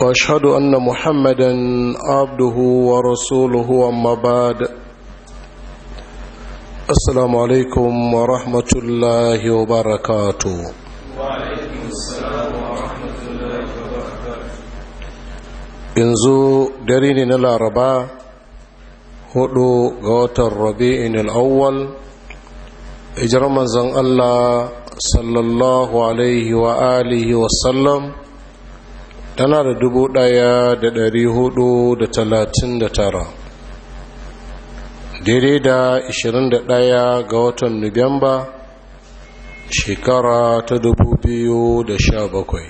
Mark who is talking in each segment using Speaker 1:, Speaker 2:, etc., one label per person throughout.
Speaker 1: واشهد ان محمدا عبده ورسوله اما بعد السلام عليكم ورحمه الله وبركاته وعليكم السلام ورحمه الله وبركاته yanzu dare ne na laraba hudu ga watan rabi'in al'awwal ijar manzon allah sallallahu alaihi wa alihi sallam. tana da dubu ɗaya da dari hudu da talatin da tara daidai da ishirin da ɗaya ga watan nuwamba shekara ta dubu biyu da sha bakwai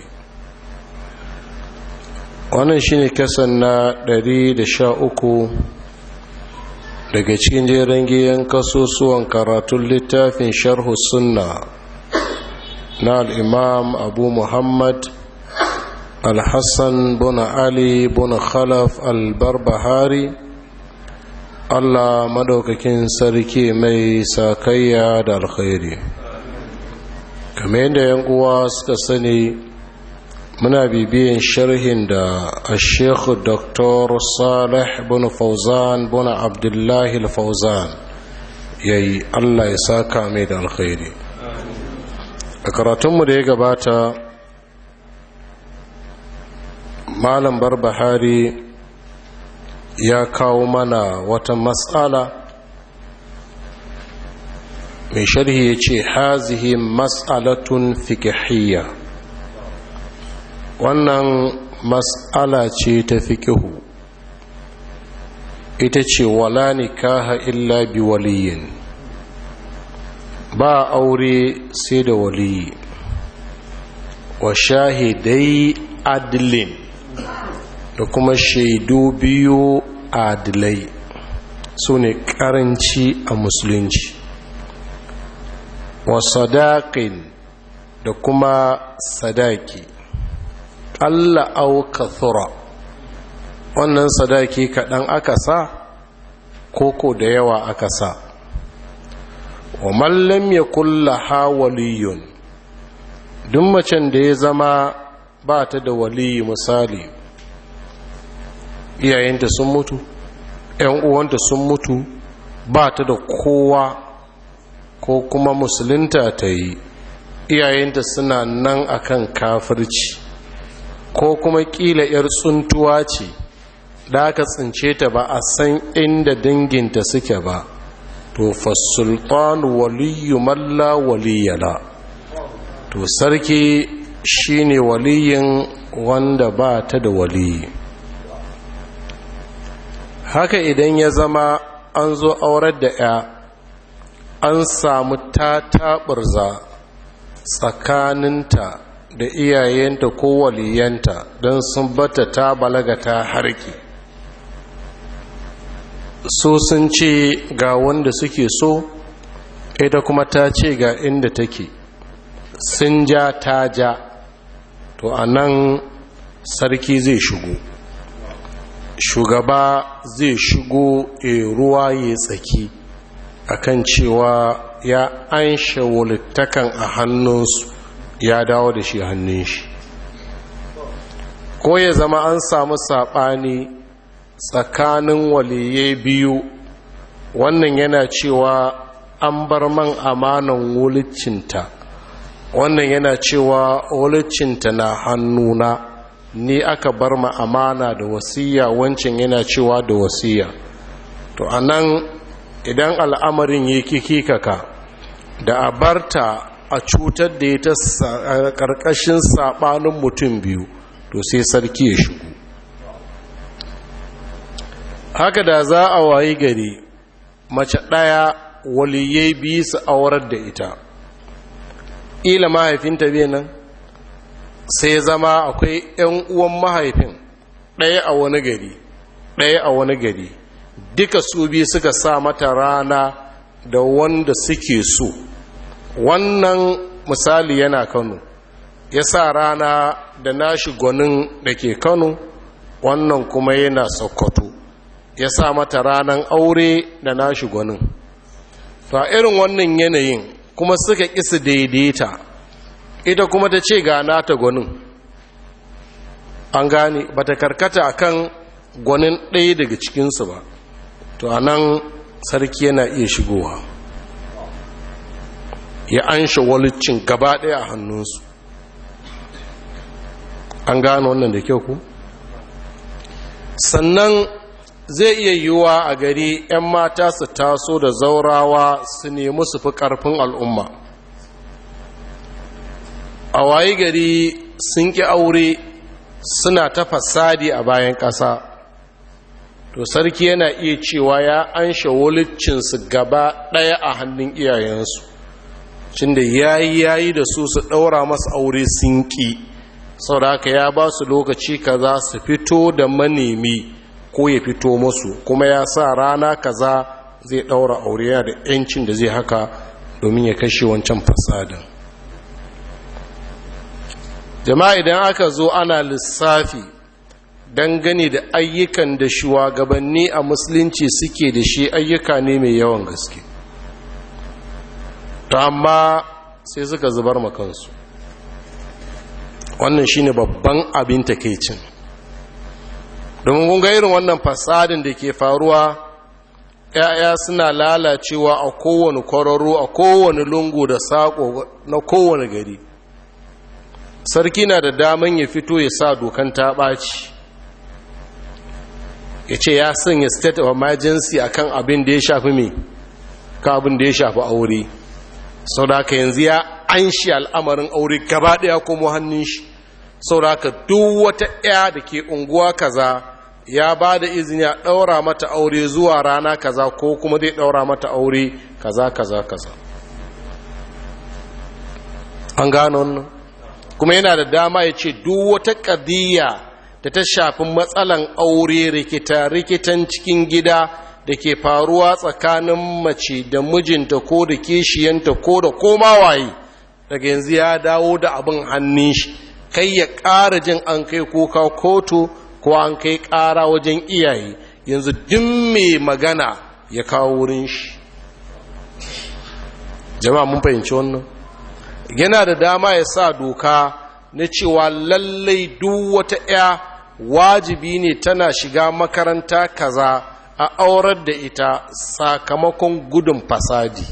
Speaker 1: wannan shine kasan na dari da sha uku daga cikin jerin giyan kasusuwan karatun littafin sharhu sunna na al'imam abu muhammad الحسن بن علي بن خلف البربهاري الله مدوككين سركي مي ساكيا دا الخيري كمين دا ينقوا سكسني منا بيبين شرهن دا الشيخ الدكتور صالح بن فوزان بن عبد الله الفوزان يي الله يساكا مي دا الخيري a karatunmu da ya gabata malam barbahari ya kawo mana wata matsala mai sharhi ya ce hazihi matsalatun fikihiyya wannan matsala ce ta fikihu ita ce wala nikaha illa bi waliyin ba aure sai da waliyi wa shahidai adlin da kuma shaidu biyu adilai su ne karanci a musulunci wa sadakin da kuma sadaki Allah au thura wannan sadaki kaɗan aka sa koko da yawa aka sa wa mallam ya kulla hawaliyun duk macen da ya zama ba ta da waliyu misali iyayenta sun mutu ‘yan uwanta sun mutu ba ta da kowa ko kuma musulunta ta yi iyayenta suna nan akan kafirci ko kuma kila ‘yar tsuntuwa ce da aka tsince ta ba a san inda danginta suke ba to fasultan waliyu malla waliyala to sarki shine waliyin wanda ba ta da waliyi haka idan ya zama an zo aurar da ya an samu ta taɓurza tsakaninta da iyayenta ko waliyanta don sun bata ta balaga ta harki so sun ce ga wanda suke so ita kuma ta ce ga inda take sun ja ta ja to a nan sarki zai shigo shugaba zai shigo a e, ruwa ya tsaki akan cewa ya an walittakan a hannunsu ya dawo da shi hannun shi ko ya zama an samu saɓani tsakanin waliye biyu wannan yana cewa an bar man amanan wulicinta wannan yana cewa wulicinta na hannuna ni aka bar ma amana da wasiya wancan yana cewa da wasiya to anan idan al'amarin yi kikikaka da a barta a cutar da ya a karkashin sabanin mutum biyu to sai sarki ya shigo haka da za a wayi gari mace ɗaya waliyai biyu su aurar da ita Ila mahaifinta bai nan sai zama akwai 'yan uwan mahaifin ɗaya a wani gari ɗaya a wani gari duka su biyu suka sa mata rana da wanda suke so wannan misali yana kano ya sa rana da nashi gwanin da ke kano wannan kuma yana sokoto ya sa mata ranan aure da nashi gwanin to irin wannan yanayin kuma suka kisa daidaita ita kuma ta ce ga nata gwanin an gane ba ta karkata a kan gwanin ɗaya daga cikinsu ba to a nan sarki yana iya shigowa ya an shawalicin gaba ɗaya a hannunsu an gano wannan da kyau ku sannan zai iya yiwuwa a gari 'yan mata su taso da zaurawa su nemi su fi ƙarfin al'umma a waye gari sun ƙi aure suna ta fasadi a bayan ƙasa to sarki yana iya cewa ya an shawulicinsu gaba ɗaya a hannun iyayensu cinda ya yi da su su ɗaura masu aure sun ƙi sauraka ya ba su lokaci kaza su fito da manemi ko ya fito musu kuma ya sa rana kaza zai ɗaura aure yana da 'yancin da zai haka domin ya kashe wancan fasadin jama'a idan aka zo ana lissafi dangane da ayyukan da shugabanni a musulunci suke da shi ayyuka ne mai yawan gaske ta amma sai suka zubar makansu wannan shine babban abin takeicin domin kun irin wannan fasadin da ke faruwa ‘ya'ya suna lalacewa a kowane kwararru a kowane lungu da saƙo na kowane gari sarki na da daman ya fito ya sa dokan ta ɓaci ya ce ya sanya state of emergency akan abin da ya shafi mai ka abin da ya shafi aure sau da ka yanzu ya an shi al'amarin aure gaba ɗaya kuma hannun shi sau da ka duk wata ɗaya da ke unguwa kaza ya ba da izini a ɗaura mata aure zuwa rana kaza ko kuma zai ɗaura mata aure kaza kaza kaza an gano wannan. kuma yana da dama ya ce duk wata ƙadiyya da ta shafi matsalan aure rikita rikitan cikin gida da ke faruwa tsakanin mace da mijinta ko da kishiyanta ko da koma waye daga yanzu ya dawo da abin hannun shi kai ya ƙara jin an kai kuka kotu ko an kai ƙara wajen iyaye yanzu duk mai magana ya kawo wurin shi jama'a mun fahimci wannan yana da dama ya sa doka na cewa lallai duk wata 'ya wajibi ne tana shiga makaranta kaza a aurar da ita sakamakon gudun fasadi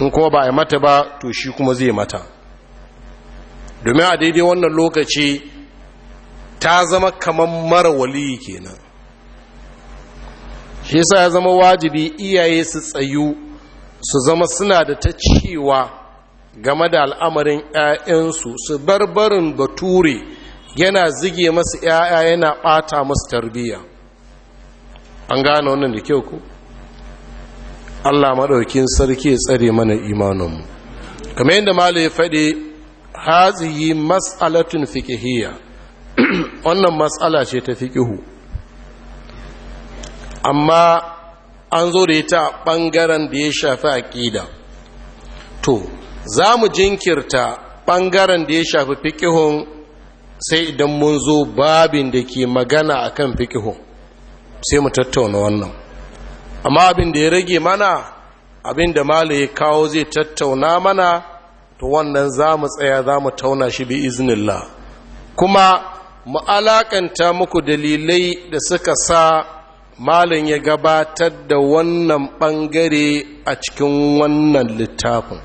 Speaker 1: in kuma ba a mata ba to shi kuma zai mata domin a daidai wannan lokaci ta zama kamar mara waliyi kenan shi sa ya zama wajibi iyaye su tsayu su zama suna da ta cewa game da al'amarin 'ya'yansu su barbarin bature yana zige masu 'ya'ya yana ɓata masu tarbiyya an gane wannan da kyau ku allah maɗaukin sarki ya tsare mana imaninmu kamar yadda malu ya faɗi haziyi matsalatin fikihiyya wannan matsala ce ta fikihu amma an zo da ita a ɓangaren da ya shafi aƙida to za mu jinkirta ɓangaren da ya shafi fikihun sai idan mun zo babin da ke magana a kan fikihun sai mu tattauna wannan amma abin da ya rage mana abin da ya kawo zai tattauna mana to wannan za mu tsaya za mu tauna shi bi iznillah kuma mu alakanta muku dalilai da suka sa malin ya gabatar da wannan ɓangare a cikin wannan littafin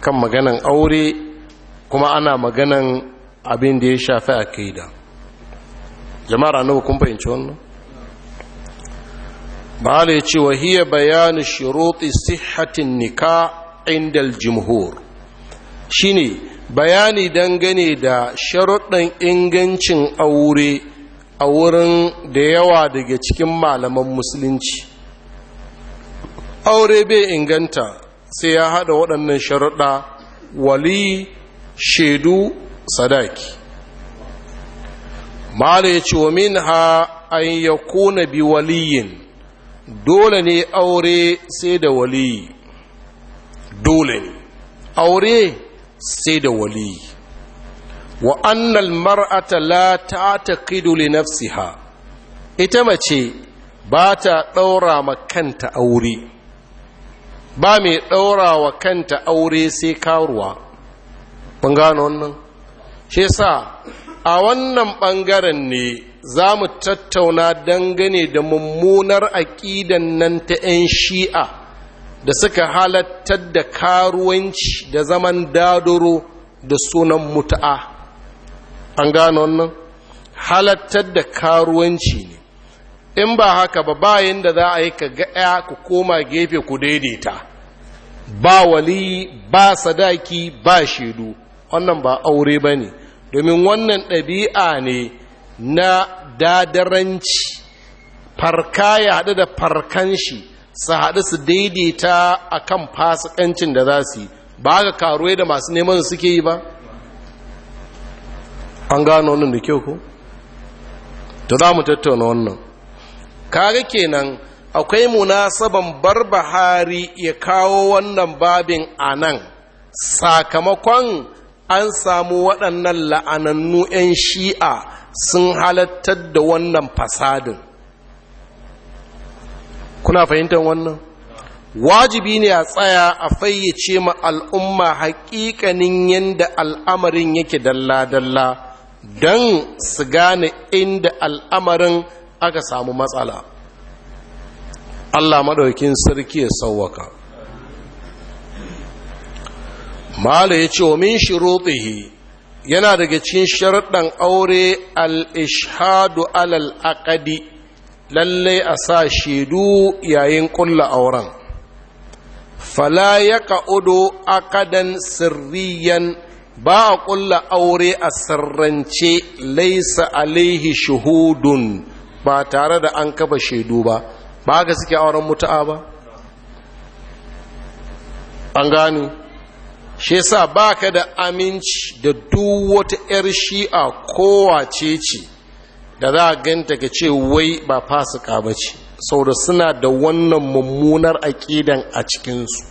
Speaker 1: kan maganan aure kuma ana maganan abin da ya shafi a kaida. jama'ar annabi kun fahimci wannan ba ya ce wa hiya bayanin shuruti sihatin nika inda Shi ne, bayani dangane da sharuɗan ingancin aure a wurin da yawa daga cikin malaman musulunci aure bai inganta sai ya haɗa waɗannan sharuɗa wali shaidu sadaki mala ya ce wa min ha an ya kuna bi waliyin dole ne aure sai da wali. dole ne aure sai da wali wa annal mar'ata la ta'taqidu li nafsiha ita mace ba ta ɗaura ma kanta aure ba mai ɗaura wa kanta aure sai karuwa mun gano wannan shi sa a wannan ɓangaren ne za mu tattauna dangane da mummunar aƙidan nan ta 'yan shi'a da suka halattar da karuwanci da zaman dadoro da sunan mutu'a an gano wannan halattar da karuwanci ne in ba haka ba bayan da za a yi ka ga'ya ku koma gefe ku daidaita ba wali ba sadaki ba shaidu wannan ba aure ba ne domin wannan ɗabi'a ne na dadaranci farka ya haɗu da farkan shi su haɗu su daidaita a kan fasikancin da za su yi ba ga karuwa da masu neman suke yi ba an gano wannan da kyau ko? to za mu tattauna wannan kaga kenan akwai munasaban barbahari ya kawo wannan babin a nan sakamakon an samu waɗannan la'anannu 'yan shi'a sun halattar da wannan fasadin kuna fahimtar wannan wajibi ne a tsaya a fayyace ma al'umma haƙiƙanin yadda al'amarin yake dalla-dalla don su gane inda al'amarin aka samu matsala Allah maɗaukin sarki ya sauwaka mala ya ce wa min shirutihi yana daga cikin sharɗan aure al’ishadu ishhadu alal lallai a sa shaidu yayin ƙulla auren fala ya ka'udu aqadan sirriyan ba a ƙulla aure a sirrance laisa alaihi shuhudun ba tare da an kafa shaidu ba ba ga suke auren mutu'a ba an gani shi sa ba ka da aminci da duk wata 'yar shi'a kowace ce da za a ganta ka ce wai ba fasika ba ce da suna da wannan mummunar aƙidan a cikinsu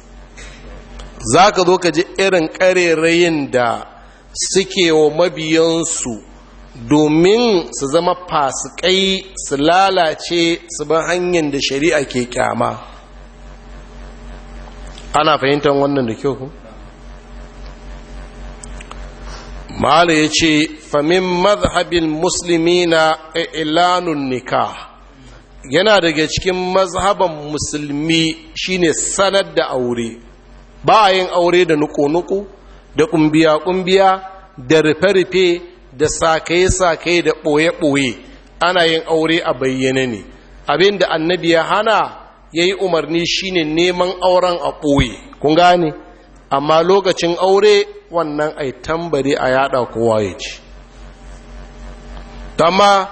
Speaker 1: za ka zo ka ji irin ƙarerayin da suke wa mabiyansu domin su zama fasikai su lalace su ban hanyar da shari'a ke kyama ana fahimtar wannan da kyau mala ya ce famin mazhabin musulmi na ilanun nika, yana daga cikin mazhaban musulmi shine sanar da aure ba a yin aure da nuku-nuku da kumbiya-kumbiya da rufe-rufe da sakaye sakai da ɓoye-ɓoye ana yin aure a bayyane ne abin da annabi ya hana ya yi umarni shine neman auren a ɓoye kun gane amma lokacin aure wannan ai tambari a yada kowa ya ci dama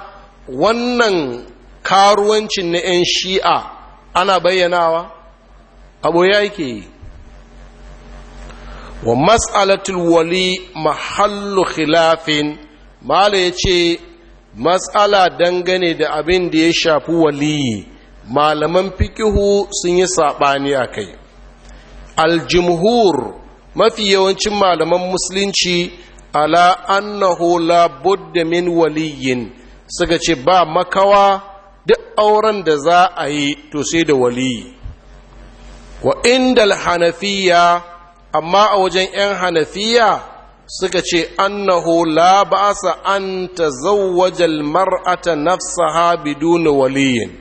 Speaker 1: wannan karuwancin na 'yan shi'a ana bayyanawa abu ya yake yi wa matsalatul wali mahallu khilafin mala ya ce matsala dangane da abin da ya shafi waliyi malaman fikihu sun yi saɓani a kai aljimhur mafi yawancin malaman musulunci ala annahu la budda min waliyin suka ce ba makawa duk auren da za a yi to sai da waliyi wa inda hanafiya amma a wajen 'yan hanafiya suka ce annahu la ba'sa an tazawwaja marata nafsaha na waliyin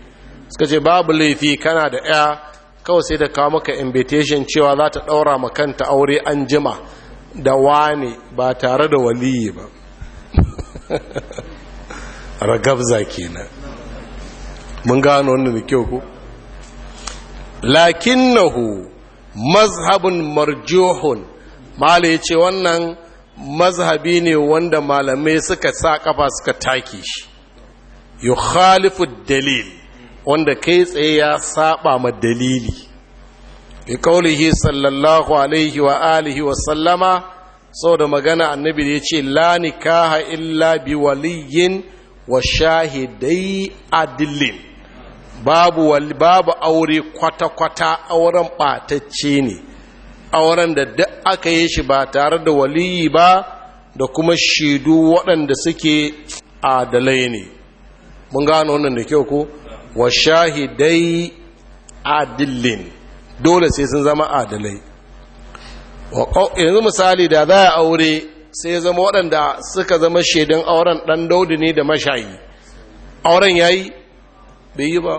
Speaker 1: suka ce babu laifi kana da ya kawai sai da kawo maka invitation cewa za ta daura ma kanta aure an jima da wani ba tare da waliyi ba ragabza kenan mun gano wannan da kyau ko lakinnahu mazhabun marjuhun mala ya ce wannan mazhabi ne wanda malamai suka sa kafa suka take shi yukhalifu dalil wanda kai tsaye ya saba ma dalili bi kaulihi sallallahu alaihi wa alihi wa sallama saboda magana annabi ya ce, la nikaha illa bi waliyin wa shahidai adillin babu babu aure kwata-kwata auren ɓatacce ne auren da duk aka yi shi ba tare da waliyi ba da kuma shaidu waɗanda suke adalai ne mun gano wannan da kyau ko wa shahidai adillin dole sai sun zama adalai yanzu misali da za a aure sai ya zama waɗanda suka zama shaidan auren ɗan daudi ne da mashayi auren ya yi bai yi ba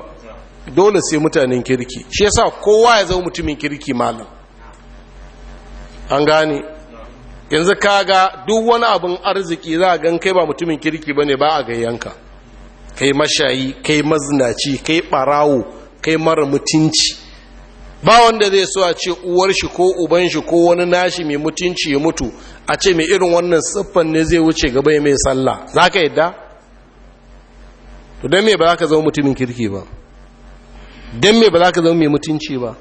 Speaker 1: dole sai mutanen kirki shi yasa kowa ya zama mutumin kirki malam an gane yanzu kaga duk wani abin arziki za a gan kai ba mutumin kirki bane ba a gayyanka kai mashayi kai mazinaci kai barawo kai mara mutunci ba wanda zai so a ce uwar shi ko uban shi ko wani nashi mai mutunci ya mutu a ce mai irin wannan siffan ne zai wuce gaba ya mai sallah za ka yadda? to don me ba za ka zama mutumin kirki ba don me ba za ka zama mai mutunci ba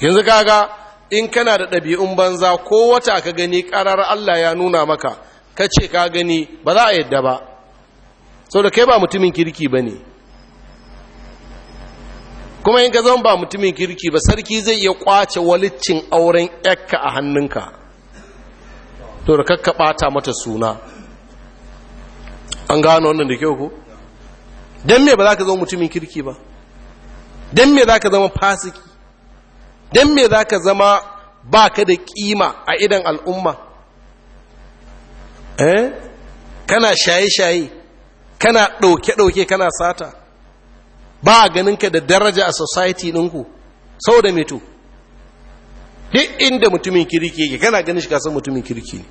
Speaker 1: yanzu kaga in kana da ɗabi'un banza ko wata ka gani ƙarar Allah ya nuna maka ka ce ka gani ba za a yadda ba sau da kai ba mutumin kirki ba ne kuma in ka zama ba mutumin kirki ba sarki zai iya kwace walicin auren yakka a hannunka to da kakka ɓata mata suna an gano wannan da kyau ko don me ba za ka zama mutumin kirki ba don me za ka zama fasiki don me za ka zama ba ka da kima a idan al'umma eh kana shaye-shaye kana ɗauke-ɗauke kana sata ba a ganinka da daraja a society ɗinku sau da mito duk inda mutumin kirki yake kana ganin shi kasan mutumin kirki ne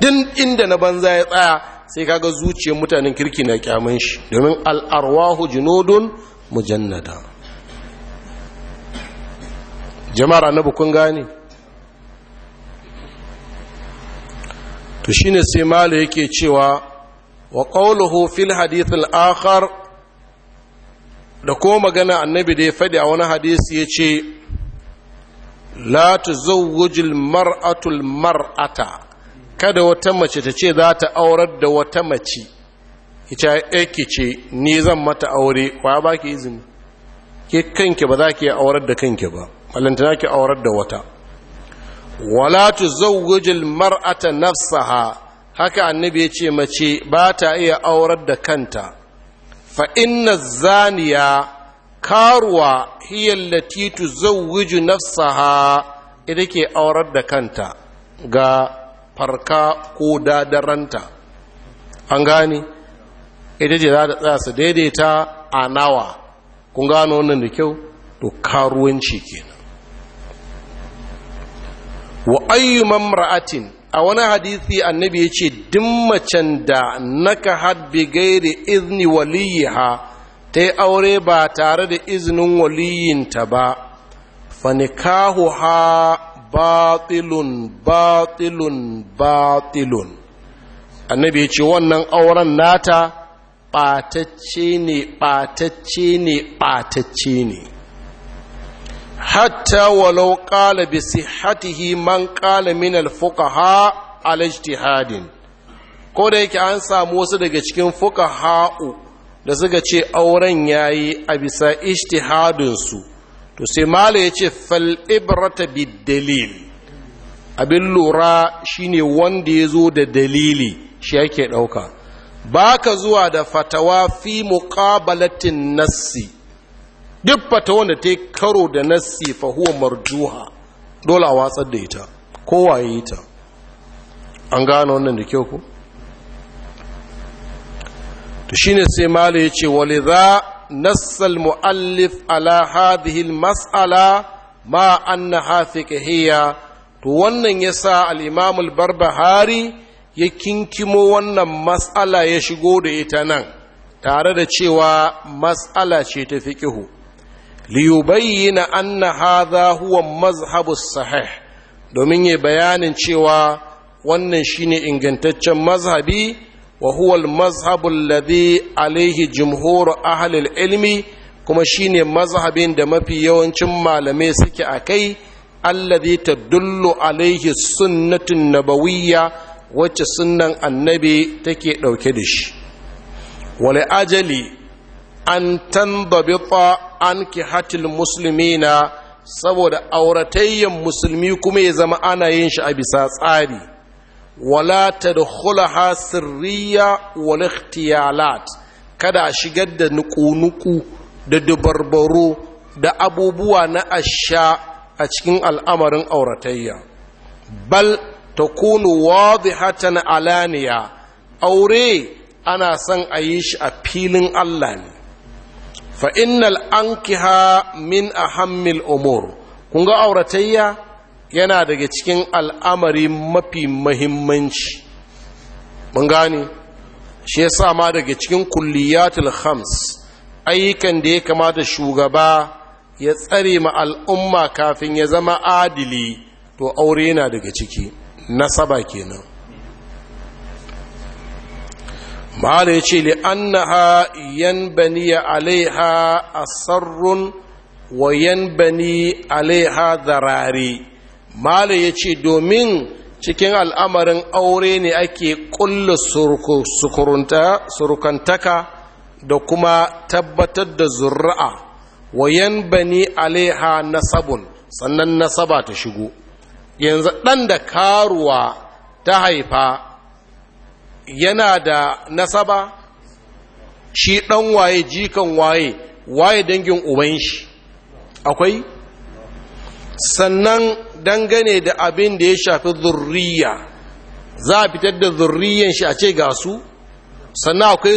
Speaker 1: duk inda na banza ya tsaya sai kaga zuciyar mutanen kirki na kyaman shi domin al'arwahu junodun mujannada jama'ar annabi kun gane to shine sai malu yake cewa wa qawluhu fil hadith al-akhar da ko magana annabi da ya faɗi a wani hadisi ya ce la tuzawwijul mar'atul mar'ata kada wata mace ta ce za ta aurar da wata mace ita yake ce ni zan mata aure wa ba ki izini ke kanki ba za ki aurar da kanki ba balantana ki aurar da wata wala tu tuzawwijul mar'ata nafsaha haka annabi ya ce mace ba ta iya aurar da kanta fa inna zaniya karuwa hiya allati tuzawwiju nafsaha ita ke aurar da kanta ga farka ko dadaranta an gane ita ce za ta su daidaita a nawa kun gano wannan da kyau to karuwanci kenan wa ayyuman ra'atin a wani hadisi annabi ya ce dimmacen da naka hadbi gairi izni waliyiha ta yi aure ba tare da izinin waliyinta ba fanikahu ha batilun batilun batilun annabi ya ce wannan auren nata ɓatacce ne ɓatacce ne ɓatacce ne hatta walau ƙala bi sihhatihi man ƙala min al fuqaha al ijtihadin ko da yake an samu wasu daga cikin fuqaha'u da suka ce auren yayi a bisa ijtihadin su to sai mala yace fal ibrata bid dalil abin lura shine wanda ya zo da dalili shi yake ɗauka baka zuwa da fatawa fi muƙabalatin nassi duk fata wanda ta yi karo da nassi fa huwa marjuha dole a watsar da ita kowa ya yi ta an gane wannan da kyau ku to shine sai mala ya ce wale za nassal mu'allif ala hadihil mas'ala ma ka fiqhiyya to wannan ya sa al'imamul barbahari ya kinkimo wannan mas'ala ya shigo da ita nan tare da cewa mas'ala ce ta fi fiqhu liyubayyana anna hadha huwa mazhabu sahih domin yi bayanin cewa wannan shine ingantaccen mazhabi wa huwa al-mazhabu alladhi alayhi jumhur ahli ilmi kuma shine mazhabin da mafi yawancin malamai suke a akai alladhi tadullu alayhi sunnatun nabawiyya wacce sunnan annabi take dauke da shi wal ajali an tanbabita An ki musulmi na saboda auratayyan musulmi kuma ya zama ana yin shi a bisa tsari wala ta da hulaha sirriya wala kada a shigar da nuku da dubarbaro da abubuwa na asha a cikin al'amarin auratayya bal ta takunu wadihatan alaniya aure ana son a yi shi a filin Allah ne fa innal ankiha min ahammil umur kun ga auratayya yana daga cikin al'amari mafi mahimmanci mun gane shi yasa ma daga cikin kulliyatul khams ayyukan da ya kamata shugaba ya tsare ma al'umma kafin ya zama adili to aure yana daga ciki nasaba kenan ma'ana ya ce ha yan bani alaiha sarrun wa yan bani alaiha zarari ma'ana ya ce domin cikin al'amarin aure ne ake kulla surukantaka da kuma tabbatar da zurra'a wa yan bani na nasabun sannan nasaba ta shigo yanzu ɗan da karuwa ta haifa yana da nasaba shi ɗan waye jikan waye waye dangin uban shi akwai sannan dangane da abin da ya shafi zurriya za a fitar da zurriyan shi a ce ga su sannan akwai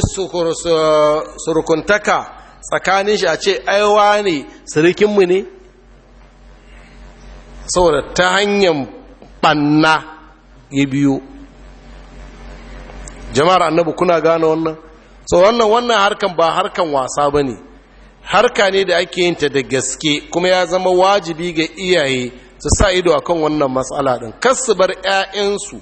Speaker 1: surkuntaka tsakanin shi a ce aiwa ne surikinmu ne saboda ta hanyar ɓanna ya biyo jama'ar annabi kuna gane wannan so wannan wannan harkan ba harkan wasa ba ne harka ne da ake yin ta da gaske kuma ya zama wajibi ga iyaye su sa ido a kan wannan matsala ɗin kas su bar 'ya'yansu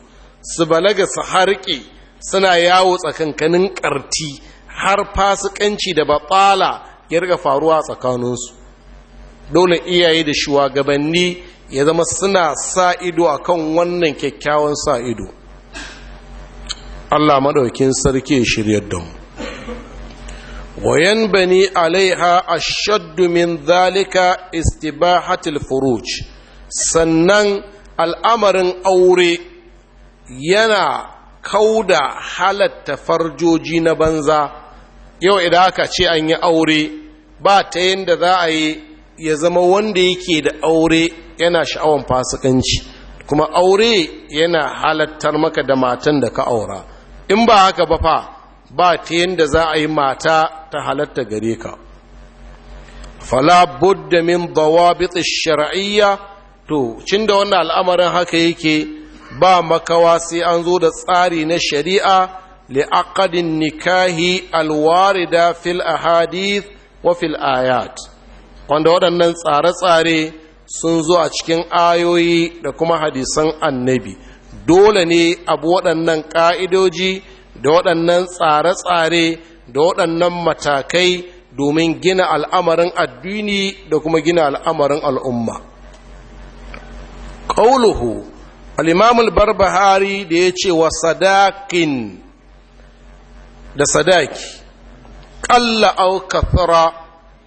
Speaker 1: su balaga su harƙe suna yawo tsakankanin ƙarti har fasikanci da baɓala ya riga faruwa tsakaninsu dole iyaye da shugabanni ya zama suna sa ido a kan wannan kyakkyawan sa ido Allah maɗaukin sarki shiryar da mu wayan bani alaiha ashaddu min zalika istibahatil furuj sannan al'amarin aure yana kauda halatta farjoji na banza yau idan aka ce an yi aure ba ta yadda za a yi ya zama wanda yake da aure yana sha'awan fasikanci kuma aure yana halattar maka da matan da ka aura in ba haka ba fa ba ta yadda za a yi mata ta halatta gare ka fala budda min dawabit shar'iyya to cin da wannan al'amarin haka yake ba makawa sai an zo da tsari na shari'a li'aqadin nikahi alwarida fil ahadith wa fil ayat wanda waɗannan tsare-tsare sun zo a cikin ayoyi da kuma hadisan annabi dole ne abu waɗannan ƙa'idoji da waɗannan tsare-tsare da waɗannan matakai domin gina al'amarin addini da kuma gina al'amarin al'umma ƙauluhu al'imamul barbahari da ya ce wa sadakin da sadaki ƙalla au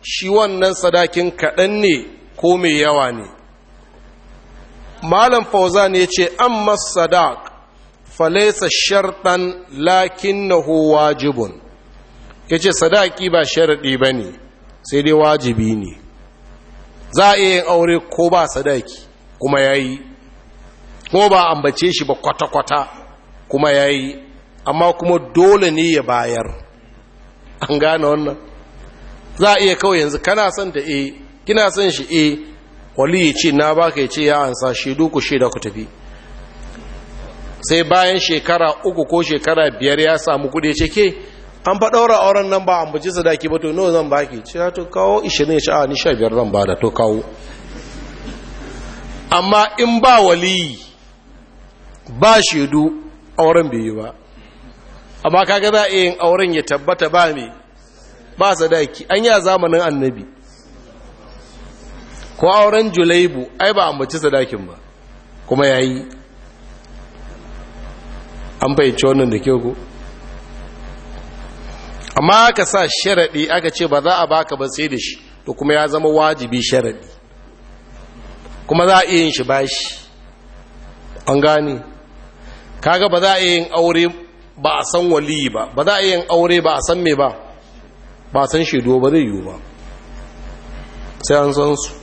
Speaker 1: shi wannan sadakin kaɗan ne ko mai yawa ne malam fauzan ya ce amma sadaq falaisa sharɗan lakinnahu wajibun ya ce sadaki ba sharaɗi ba ne sai dai wajibi ne za a iya aure ko ba sadaki kuma ya yi ko ba ambace shi ba kwata-kwata kuma ya yi amma kuma dole ne ya bayar an gane wannan za a iya kawai yanzu kana son da e eh. kina son shi e wali ya ce na baka ya ce ya ansa shaidu ku shaida ku tafi sai bayan shekara uku ko shekara biyar ya samu kudi ce ke an fa daura auren nan ba an buji sadaki ba to nawa zan baki ce to kawo 20 ne ce a ni 15 zan bada to kawo amma in ba wali ba shaidu auren bai yi ba amma kaga za a yin auren ya tabbata ba ne ba sadaki an yi a zamanin annabi ko auren julaibu ai ba mace sadakin ba kuma ya yi an fahimci wannan da kyau ku amma aka sa sharaɗi aka ce ba za a baka ba sai da shi to kuma ya zama wajibi sharaɗi kuma za a iya yin shi bashi an gane kaga ba za a iya yin aure ba a san wali ba ba za a iya yin aure ba a san me ba ba san shaidu ba zai yiwu ba sai an san su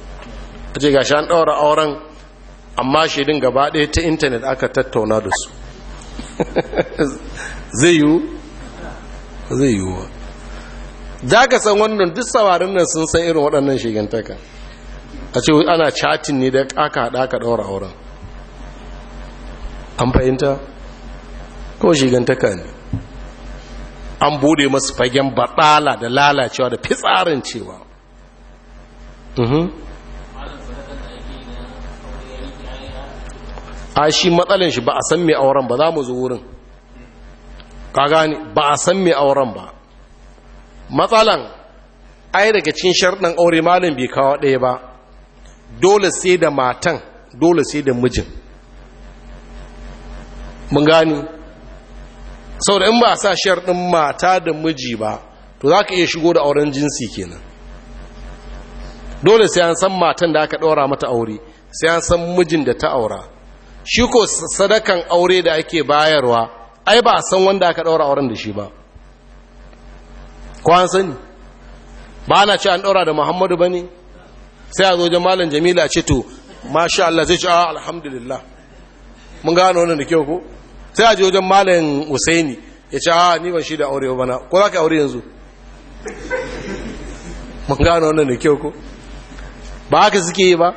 Speaker 1: a ce gashi an ɗaura auren amma shaidun gaba ɗaya ta intanet aka tattauna da su zai yiwu zai yiwu za ka san wannan duk samarin nan sun san irin waɗannan shigantaka a ce ana chatin ne da aka haɗa aka ɗaura auren an fahimta ko shigantaka ne an bude masu fagen baɗala da lalacewa da fitsarin cewa mhm. a shi matsalin shi ba a san mai auren ba za mu zo ka gani ba a san mai auren ba matsalan ai daga cin sharɗin aure malin bai kawo ɗaya ba dole sai da matan dole sai da mijin mun gani sau da in ba a sa sharɗin mata da miji ba to za ka iya shigo da auren jinsi kenan dole sai an san matan da aka ɗora mata aure sai an san mijin da ta aura shi ko sadakan aure da ake bayarwa ai ba a san wanda aka ɗaura auren da shi ba kwan sani ba na ce an ɗaura da muhammadu ba ne sai a zo jamalin jamila ce to masha Allah zai ce a ah, alhamdulillah mun gano wannan da kyau ko sai a je wajen malin usaini ya ce a ah, ni ban shi da aure ba na ko za ka aure yanzu mun gano wannan da kyau ko ba haka suke yi ba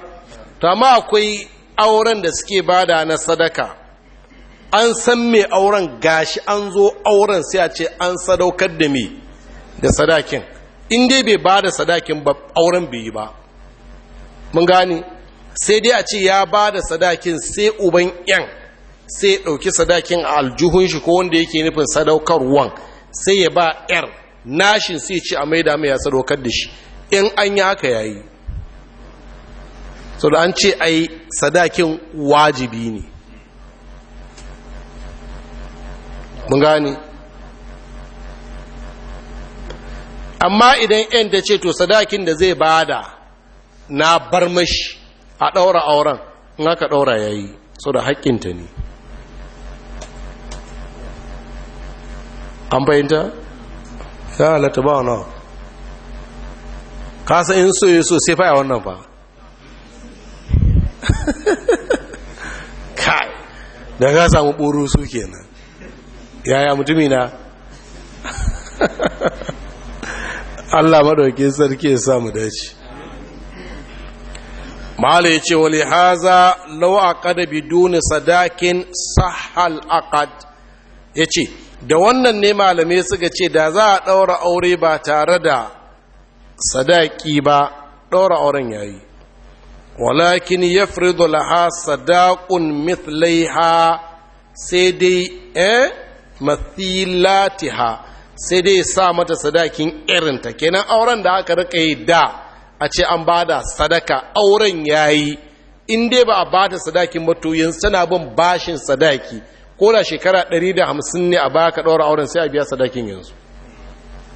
Speaker 1: to amma akwai auren da suke bada na sadaka an san mai auren gashi an zo auren sai a ce an sadaukar da me da sadakin in dai bai bada sadakin ba auren bai yi ba mun gane sai dai a ce ya bada sadakin sai uban yan sai ɗauki sadakin a aljuhun shi ko wanda yake nufin sadaukarwan sai ya ba yar nashin sai ce a maida mai ya sadaukar da shi in an yi haka yayi so da an ce ai sadakin wajibi ne mun gane amma idan yan ta ce to sadakin da zai bada na bar mashi a daura auren in haka daura ya yi so da haƙƙinta ne an fahimta ya halatta ba wa nawa kasa in so ya so sai fa a wannan fa kai da ka samu ɓoro su nan. yaya mutumi na Allah maɗauki sarki ya samu dace mala ya ce wali haza lawa kada biduni sadakin sahal akad ya ce da wannan ne malamai suka ce da za a ɗaura aure ba tare da sadaki ba ɗaura auren yayi walakin ya frido laha sadakun mithlaiha sai dai eh mathilatiha sai dai sa mata sadakin irinta kenan auren da aka rika yi da a ce an bada sadaka auren yayi in dai ba a bata sadakin matoyin tana bin bashin sadaki ko da shekara 150 ne a baya ka daura auren sai a biya sadakin yanzu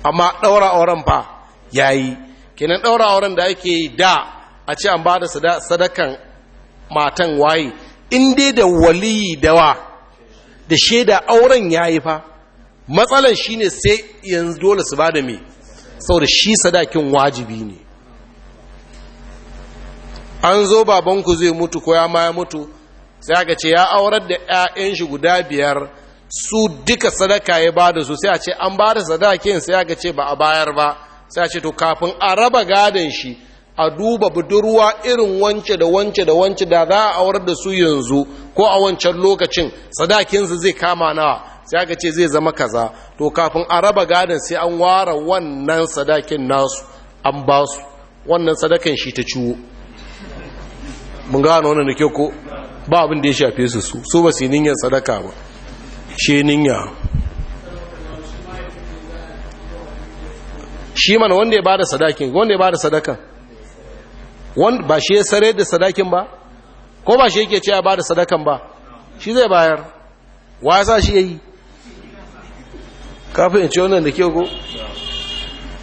Speaker 1: amma daura auren fa yayi kenan daura auren da ake yi da a ce an ba da sadakan matan waye in dai da waliyi dawa da shaida auren ya yi fa matsalar shi ne sai yanzu dole su ba da mai saboda shi sadakin wajibi ne an zo babanku zai mutu ko ya ma ya mutu sai aka ce ya aurar da 'ya'yan shi guda biyar su duka sadaka ya ba da su sai a ce an ba da sadakin sai aka ce ba a bayar ba sai a ce to kafin a raba gadon shi a duba budurwa irin wance da wance da wance da za a awar da su yanzu ko a wancan lokacin sadakinsu zai kama nawa sai aka ce zai zama kaza to kafin a raba gadon sai an ware wannan sadakin nasu an ba su wannan sadakan shi ta ciwo mun gano wannan da ke ko ba abin da ya shafe su su su ba su niyyar sadaka ba she niyya shi mana wanda ya ba da sadakin wanda ya ba da sadakan wanda ba shi ya sare da sadakin ba ko ba shi yake cewa ba da sadakan ba shi zai bayar wa ya sa shi yayi kafin in ce wannan da ke ko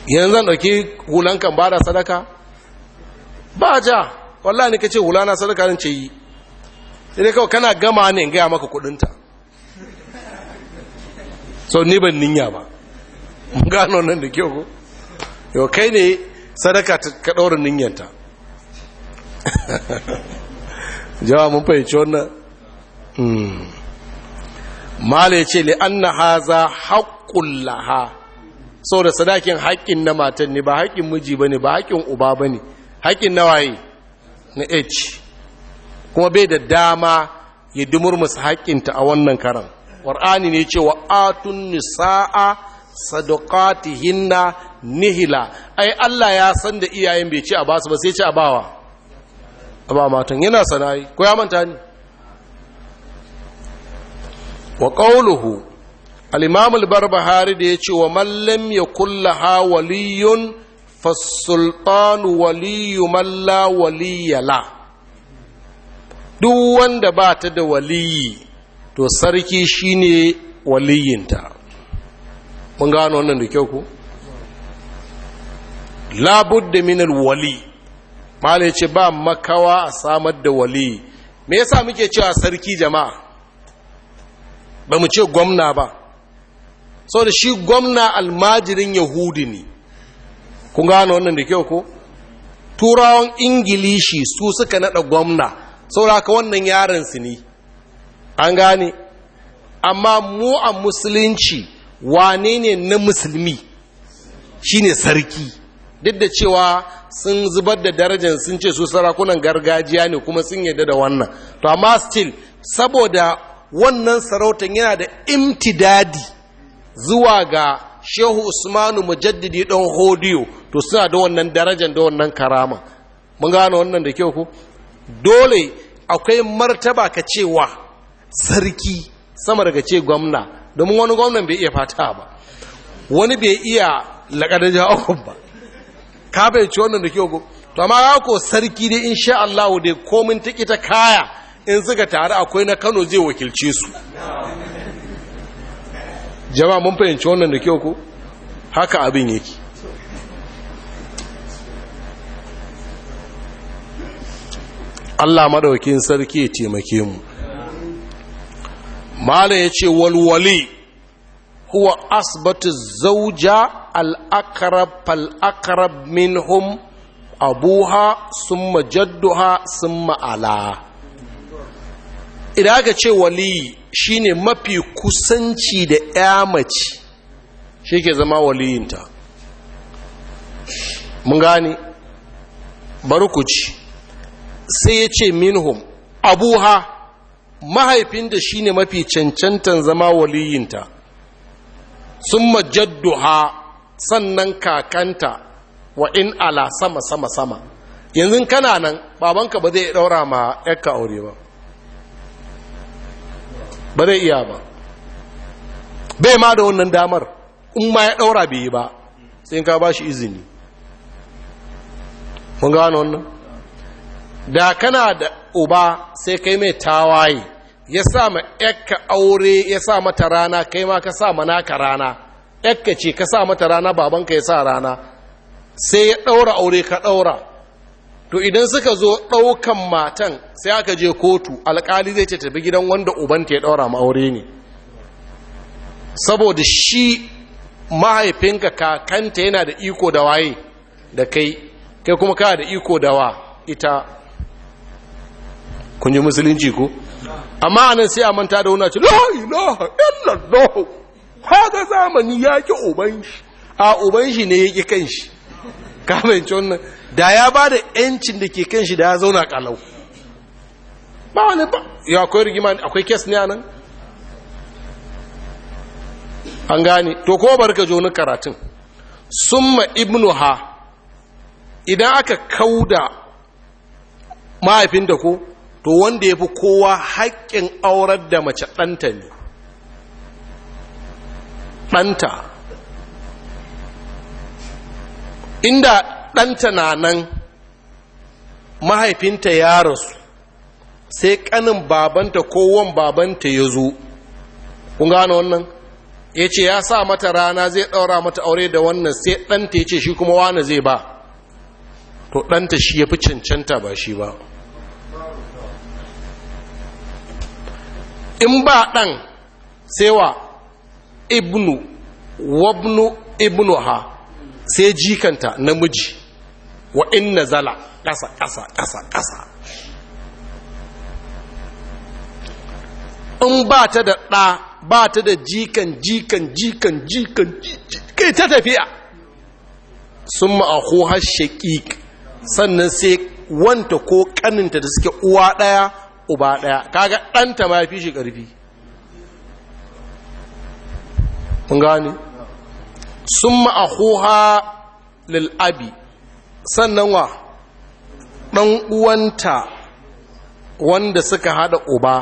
Speaker 1: yanzu zan dauki hulan kan ba da sadaka ba ja wallahi ne ce hulana sadaka ran ce yi sai dai kawai kana gama ne in gaya maka kudinta so ni ban ninya ba mun gano nan da kyau ko yau kai ne sadaka ka ɗaura ninyanta jawa mun fahimci wannan hmm. mala ya ce li'anna haza haƙƙun laha sau da sadakin haƙƙin na matan ne ba haƙƙin miji ba ne ba haƙƙin uba ba ne haƙƙin na waye na h kuma bai da dama ya dumurmusa haƙƙinta a wannan karan ƙwar'ani ne ce wa atun nisa'a sadaqatihinna nihila ai Allah ya san da iyayen bai ce a basu ba sai ce a bawa amma matan yana sanayi ko ya manta ne wa ƙauluhu al barbahari da ya ce wa mallam ya kulla ha waliyun man waliyu Waliya la. duk wanda ba ta da waliyi to sarki shine waliyinta mun gano wannan da kyau ku labudda al wali mala ce ba makawa a samar da wali me yasa muke cewa sarki jama'a ba mu ce gwamna ba sau da shi gwamna almajirin yahudi ne kun gano wannan da kyau ko turawan ingilishi su suka nada gwamna haka wannan su ne an gane amma mu a musulunci wane ne na musulmi shine sarki duk da cewa sun zubar da darajar sun ce su sarakunan gargajiya ne kuma sun yadda da wannan to amma still saboda wannan sarautan yana da imtidadi zuwa ga shehu usmanu mujaddidi ɗan hodiyo to suna da wannan darajar da wannan karama mun gano wannan da kyau ku dole akwai martaba ka cewa sarki sama daga ce gwamna domin wani gwamnan bai iya fata ba wani bai iya laƙadar ja'akun ba ka ci wannan da kyau to amma ya ko sarki dai insha Allah dai komin tiki ta kaya in zuga tare akwai na Kano zai wakilce su jama'a mun fahimci wannan da kyau ko haka abin yake Allah madaukin sarki ya taimake mu mala yace walwali huwa asbatu zauja al'akarab fal'akarab minhum abuha summa jadduha summa ala idan aka ce waliyi shine mafi kusanci da ya mace shi ke zama waliyinta mun gane barkuci sai ya ce minhum abuha mahaifinta shine mafi cancantan zama waliyinta sun majadduha sannan kakanta wa in ala sama sama sama yanzu kana nan babanka ba zai daura ma yakka aure ba ba zai iya ba bai ma da wannan damar in ma ya daura bai yi ba sai ka ba shi izini mun gano wannan da kana da uba sai kai mai tawaye ya sa ma yakka aure ya sa mata rana kai ma ka sa ma naka rana ɗakka ce ka sa mata rana babanka ya sa rana sai ya ɗaura aure ka ɗaura to idan suka zo ɗaukan matan sai aka je kotu alƙali zai ce tafi gidan wanda ubanta ya ɗaura ma aure ne saboda shi mahaifinka kakanta yana da iko da waye da kai kai kuma ka da iko da wa ita kun ji musulunci ko amma anan sai a manta da wuna ce la ilaha illallah kaga zamani ya ƙi ubanshi. a ubanshi ne ya ƙi kanshi. shi kamanci wannan da ya ba da yancin da ke kanshi da ya zauna kalau ba wani ba ya akwai rigima akwai kes ne a nan an gane to kuma, barka joni karatun summa ibnu ha idan aka kauda da ko to wanda ya fi kowa haƙƙin aurar da mace ɗanta ne ɗanta inda ɗanta na nan mahaifinta ya rasu sai ƙanin babanta kowon babanta ya zo kun gane wannan ya ce ya sa mata rana zai ɗaura mata aure da wannan sai ɗanta ya ce shi kuma wane zai ba to ɗanta shi ya fi cancanta ba shi ba in ba ɗan sai wa ibnu wabnu ibnu ha sai jikanta namiji wa inna zala ƙasa ƙasa ƙasa ƙasa in ba ta da ɗa ba ta da jikan jikan jikan jikan kai ta tafiya sun ma'ahu har shaƙiƙ sannan sai wanta ko ƙaninta da suke uwa ɗaya uba ɗaya kaga ɗanta ma ya fi shi ƙarfi mun gane sun ma'ahuha lil'abi sannan wa ɗan uwanta wanda suka haɗa uba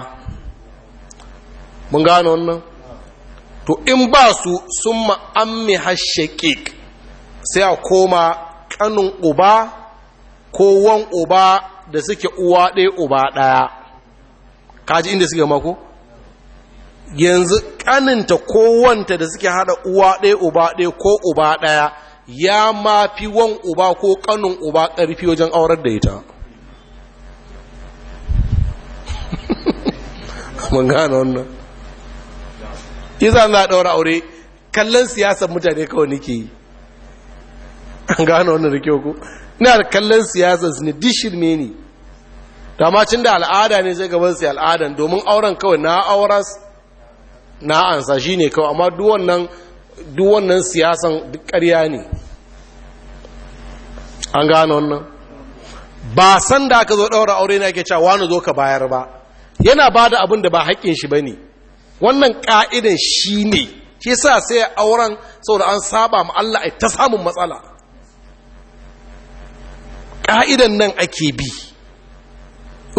Speaker 1: mun gane wannan to in ba su sun ma'ammi kek sai a koma ƙanin uba ko wan uba da suke uwa ɗaya uba ɗaya kaji inda suke mako yanzu ƙaninta ko wanta da suke haɗa uwa ɗaya uba ɗaya ko uba ɗaya ya ma fi wan uba ko ƙanin uba ƙarfi wajen aurar da ita mun gane wannan iza na ɗaura aure kallon siyasar mutane kawai nake yi an gane wannan da kyau ku ina da kallon siyasar su ne dishir ne ne da da al'ada ne zai gaban su al'adan domin auren kawai na auras na ansa shi ne kawai amma duk wannan siyasan duk ƙarya ne an gano wannan ba san da aka zo ɗaura aure na ke cewa wani zo ka bayar ba yana ba da abin da ba haƙƙin shi ba ne wannan ƙa'idan shi ne shi sa sai auren saboda an saba ma Allah a ta samun matsala ƙa'idan nan ake bi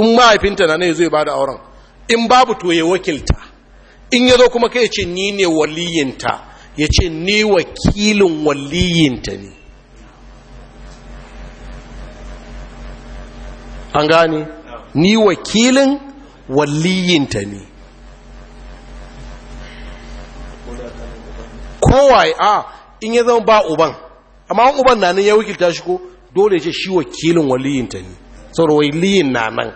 Speaker 1: in mahaifinta na ne zai ba da auren in babu to ya wakilta in ya zo kuma kai ya ce ni ne waliyinta ya ce ni wakilin waliyinta ne an gane ni wakilin waliyinta ne kowai a in ya zama ba uban amma uban na nan ya wakilta shi ko dole ce shi wakilin waliyinta ne Sauro waliyin na nan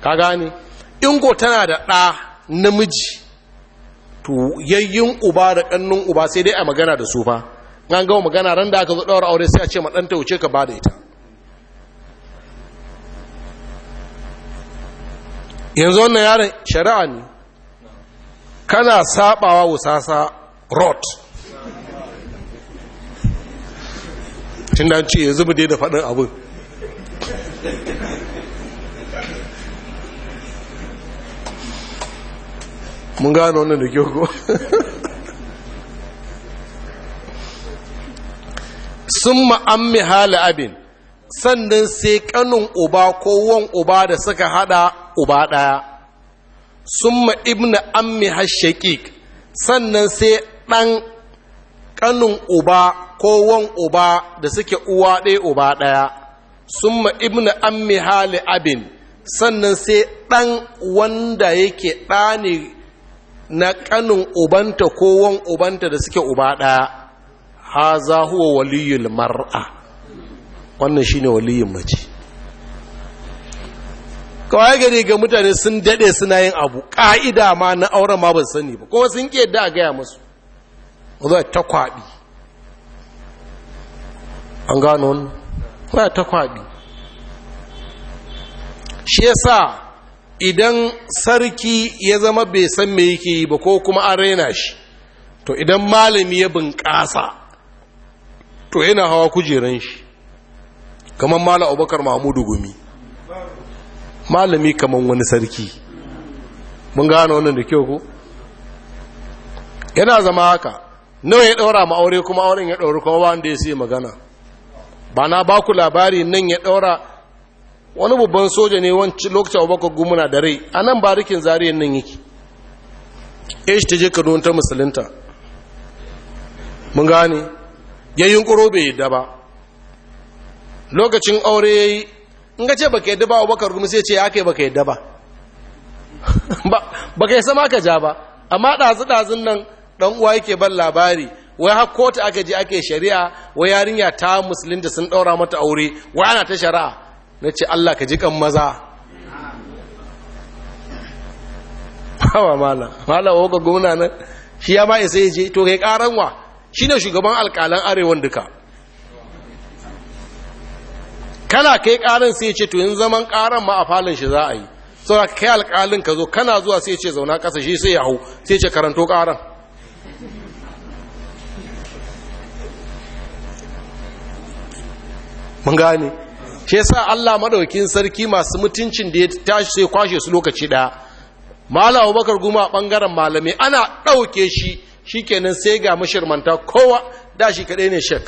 Speaker 1: ka gane in ko tana da ɗa namiji to yayyin uba da kannun uba sai dai a magana da su fa an magana ran da aka zo ɗawar aure sai a ce ma wuce ka bada ita yanzu wannan yaron shari'a ne kana saɓawa wusasa rot tun da ce yanzu mu dai da faɗin abin mun gano wannan da kyau ko sun ma'ammi hali abin sannan sai kanun uba ko wan uba da suka hada uba daya sun ibnu ammi hashaqiq sannan sai dan kanun uba ko wan uba da suke uwa ɗaya uba ɗaya sun ibnu ammi hali abin sannan sai dan wanda yake ɗa ne na ƙanin ubanta ko wan ubanta da suke uba ɗaya za huwa waliyul mar'a wannan shine waliyin mace kawai gari ga mutane sun daɗe suna yin abu Ka'ida ma na auren ma ban sani ba kuma sun ƙi da a gaya musu zuwa ta an gano wani ta kwaɓi shi yasa idan sarki ya zama bai san me yake yi ba ko kuma an raina shi to idan malami ya bunƙasa to yana hawa kujeran shi kamar mala abubakar mahmudu gumi malami kamar wani sarki mun gano wannan da kyau ko yana zama haka nawa ya ɗaura ma kuma auren ya ɗauri kuma wanda ya sai magana ba na ba ku labari nan ya ɗaura wani babban soja ne wani lokacin abubakar gumuna da rai a nan barikin zariyar nan yake ya shi ta je kaduna ta musulunta mun gane ya yi nkuro bai yadda ba lokacin aure ya yi in ka ce baka yadda ba abubakar gumuna sai ce ya kai baka yadda ba baka yi sama ka ja ba amma ɗazu-ɗazun nan ɗan uwa yake ban labari wai har kota aka je ake shari'a wai yarinya ta musulunta sun ɗaura mata aure wai ana ta shari'a na ce Allah ka ji kan maza hawa mala mala waka gona nan shi ya ba isa yaje to kai karan wa ne shugaban alkalan arewan duka kana kai karan sai ce to in zaman karan ma a falin shi za a yi saboda kai alƙalin ka zo kana zuwa sai ce zauna ƙasa shi sai ya hau sai ce karanto karan mun gane shi sa Allah madaukin sarki masu mutuncin da ya tashi sai kwashe su lokaci ɗaya mala abubakar guma bangaren malami ana ɗauke shi shi kenan sai ga mashirmanta kowa da shi kaɗai ne shek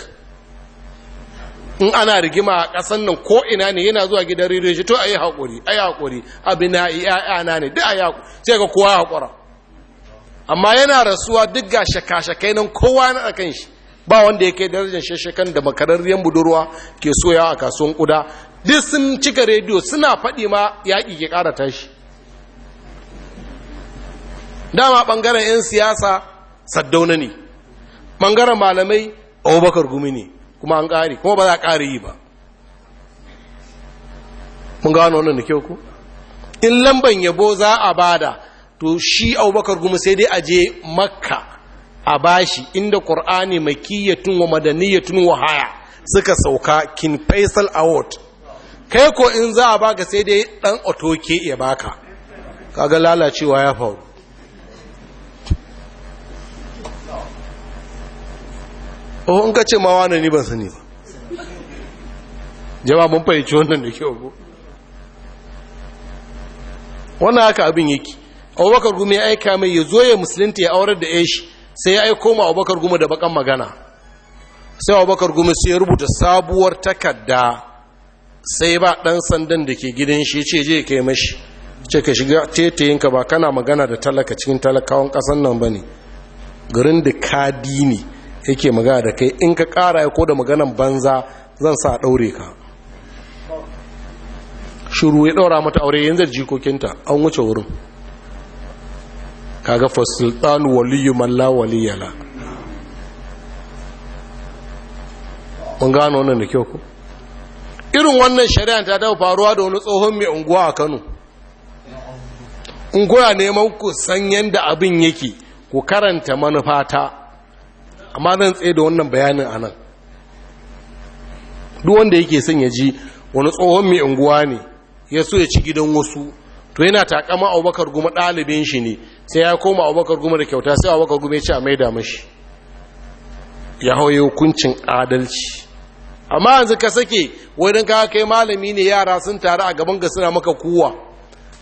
Speaker 1: in ana rigima a ƙasan nan ko'ina ne yana zuwa gidan rediyo shi to a yi haƙuri a yi haƙuri abin na iya'ana ne duk a yi haƙuri sai ga kowa haƙura amma yana rasuwa duk ga shaka-shakai nan kowa na kan shi ba wanda ya kai darajar shashakan da makararriyar budurwa ke soya a kasuwan kuda duk sun cika rediyo suna faɗi ma yaƙi ke ƙara tashi dama ɓangaren 'yan siyasa saddauna ne ɓangaren malamai abubakar gumi ne kuma an ƙari kuma ba za a ƙari yi ba mun gano wannan da kyau ku in lamban yabo za a bada to shi abubakar gumi sai dai a je makka a bashi inda ƙur'ani kiyatun wa madaniyatun wa haya suka sauka kin faisal award kai ko in za a baka sai dai dan otoke ya baka kaga lalacewa ya faru oh in ka ce ma wani ni ban sani ba jama mun fahimci wannan da kyau ko wannan haka abin yake abubakar gumi ya aika mai ya zo ya musulunta ya aurar da ya shi sai ya aiko ma abubakar gumi da bakan magana sai abubakar gumi sai ya rubuta sabuwar takarda sai ba dan sandan da ke gidan shi ce je kai mashi ce ka shiga tetayinka ba kana magana da talaka cikin talakawan kasan nan ba ne garin da kadi ne yake magana da kai in ka kara ya ko da maganan banza zan sa daure ka shuru ya daura mata aure yanzu jikokinta an wuce wurin kaga fa sultanu waliyu man la waliyala mun gano wannan da kyau ko irin wannan shari'a ta dawo faruwa da wani tsohon mai unguwa a Kano unguwa neman ku san yanda abin yake ku karanta manufata amma zan tsaye da wannan bayanin anan duk wanda yake son ya ji wani tsohon mai unguwa ne ya so ya ci gidan wasu to yana takama abubakar goma ɗalibin shi ne sai ya koma abubakar goma da kyauta sai abubakar goma ya ce a maida shi ya hauye hukuncin adalci amma yanzu ka sake wadon ka kai malami ne yara sun taru a gaban ga suna maka kuwa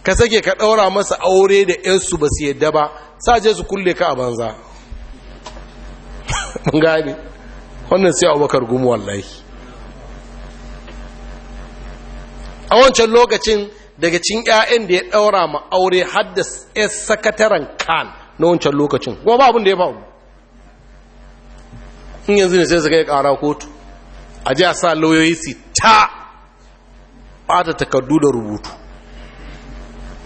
Speaker 1: ka sake ka ɗaura masa aure da yansu ba su yadda ba sa je su kulle ka a banza mun wannan sai abubakar goma wallahi a wancan lokacin daga cin ƴaƴan da ya ɗaura ma aure har da sakataren kan na wancan lokacin kuma ba abin da ya faru in yanzu ne sai su kai ƙara kotu a ji a sa lauyoyi su ta ɓata takardu da rubutu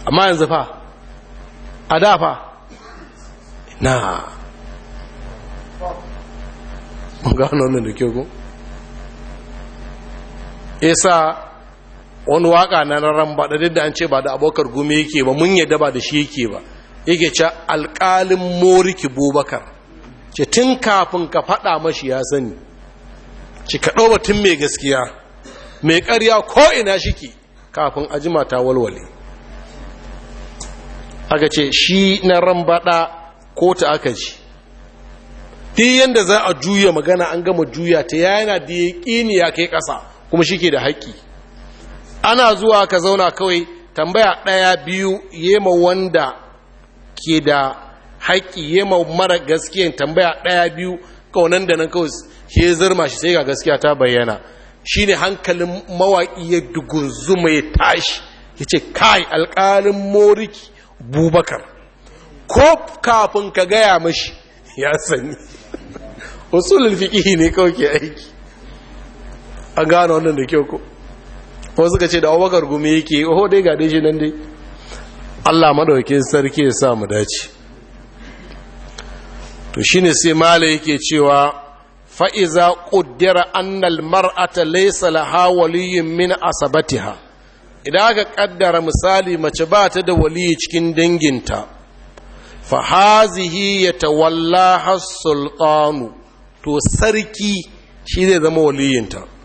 Speaker 1: amma yanzu fa a da fa na ga wannan da kyau ko isa wani waka na ran ba da da an ce ba da abokar gumi yake ba mun yadda ba da shi yake ba yake ce alƙalin moriki bubakar ce tun kafin ka faɗa mashi ya sani ce ka batun mai gaskiya mai ƙarya ko ina ke? kafin a jima ta walwale aka ce shi na ran baɗa ko ta aka ji duk yadda za a juya magana an gama juya ta yana da ya ƙini ya kai ƙasa kuma shi ke da haƙƙi ana zuwa ka zauna kawai tambaya ɗaya biyu yema wanda ke da haƙƙi yema mara gaskiya tambaya ɗaya biyu kaunan da nan kawai ke zirma shi sai ga gaskiya ta bayyana shi ne hankalin mawaƙi ya zuma ya tashi ya ce kai alƙalin moriki bubakar ko kafin ka gaya mashi ya sani wasu lulfiƙi ne kawai ke aiki an gano wannan da kyau ko ko suka ce da abubakar gumi yake oho dai ga shi nan dai allah maɗaukin sarki ya sa mu dace to shine sai mala yake cewa fa'iza ƙuddira annal mar'ata laisa laha waliyin min asabatiha idan aka ƙaddara misali mace ba ta da waliyi cikin danginta fahazihi ya tawalla sultanu to sarki shi zai zama waliyinta